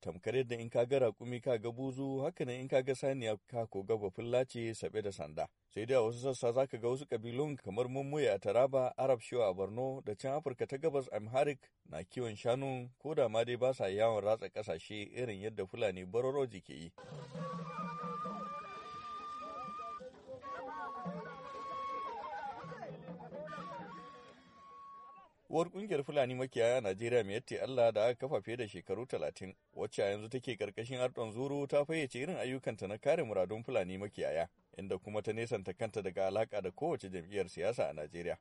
tamkar yadda in ka ga raƙumi ka ga buzu haka nan in ka ga saniya ka ko ga bafulla ce saɓe da sanda sai dai a wasu sassa zaka ga wasu ƙabilun kamar mummuya a taraba arab shiwa a borno da can afirka ta gabas amharic na kiwon shanu ko da ma dai ba sa yawon ratsa kasashe irin yadda fulani baroroji ke yi Uwar kungiyar Fulani makiyaya Najeriya mai yatti Allah da aka kafa fiye da shekaru talatin, wacce a yanzu take karkashin Arɗon Zuru ta fayyace irin ayyukanta na kare muradun Fulani makiyaya, inda kuma ta nesanta kanta daga alaka da kowace jam'iyyar siyasa a Najeriya.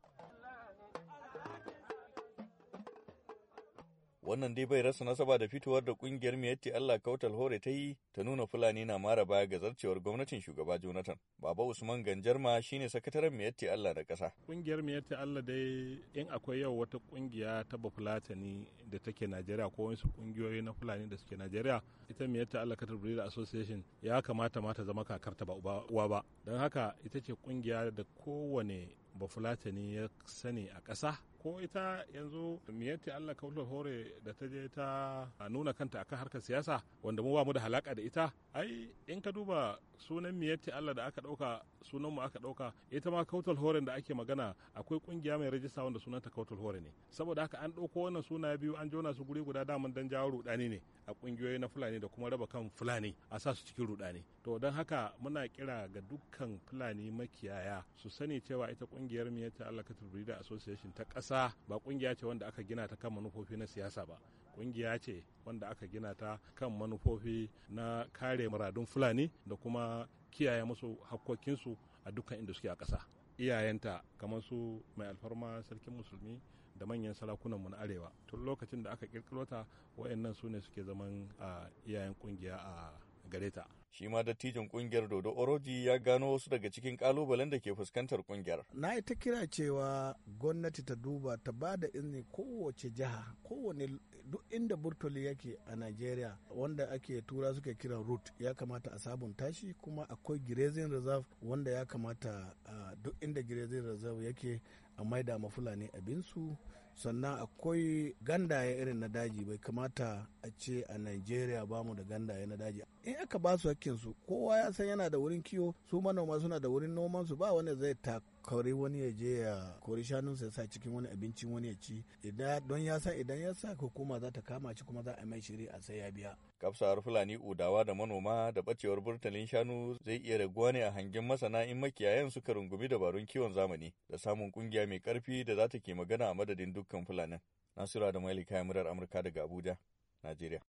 Wannan dai bai rasa nasaba da fitowar da kungiyar Miyatti Allah Kautal Hore ta yi ta nuna Fulani na mara baya ga zarcewar gwamnatin shugaba Jonathan. Baba Usman Ganjarma shine sakataren Miyatti Allah da ƙasa. Kungiyar Miyatti Allah dai in akwai yau wata kungiya ta Bafulatani da take Najeriya ko wasu kungiyoyi na Fulani da suke Najeriya ita Miyatti Allah Katar Breeder Association ya kamata ma ta zama kakarta ba uwa ba. Don haka ita ce kungiya da kowane bafulatani ya sani a ƙasa ko ita yanzu miyatti allah kautar hore da ta je ta nuna kanta akan harkar siyasa wanda mu ba mu da halaka da ita ai in ka duba sunan miyatti allah da aka ɗauka sunan mu aka ɗauka ita ma kautar horen da ake magana akwai kungiya mai rajista wanda sunanta kautar hore ne saboda haka an ɗauko wannan suna biyu an jona su guri guda daman dan jawo rudani ne a kungiyoyi na fulani da kuma raba kan fulani a sa su cikin rudani to don haka muna kira ga dukkan fulani makiyaya su sani cewa ita kungiya kungiyar ta Allah Cattle Breeder Association ta ƙasa ba kungiya ce wanda aka gina ta kan manufofi na siyasa ba. Kungiya ce wanda aka gina ta kan manufofi na kare muradun Fulani da kuma kiyaye musu hakkokinsu a dukkan inda suke a ƙasa. Iyayenta kamar su mai alfarma sarkin musulmi da manyan mu na arewa tun lokacin da aka kirkiro ta wayannan su ne suke zaman a ah, iyayen kungiya a ah, gare ta Shi ma dattijan kungiyar Dodo Oroji ya gano wasu daga cikin kalubalen da ke fuskantar kungiyar. Na yi ta kira cewa gwamnati ta duba ta ba da izini kowace jiha kowane duk inda burtoli yake a nigeria wanda ake tura suke kiran root ya kamata a sabunta shi kuma akwai grazing reserve wanda ya kamata duk inda grazing reserve yake a maida ma Fulani abinsu sannan akwai gandaye irin na daji bai kamata a ce a nigeria ba mu da gandaye na daji in aka ba su hakkinsu kowa ya san yana da wurin kiwo su manoma suna da wurin noman su ba wanda zai ta kori wani ya je ya kori shanunsa ya sa cikin wani abinci wani ya ci idan don ya sa idan ya sa hukuma za ta kama shi kuma za a mai shiri a sai ya biya. kafsawar fulani udawa da manoma da bacewar burtalin shanu zai iya raguwa ne a hangen masana in makiyayan suka rungumi dabarun kiwon zamani da samun kungiya mai karfi da za ta ke magana a madadin dukkan fulanin. nasira da mailika kayan murar Amurka daga Abuja, Najeriya.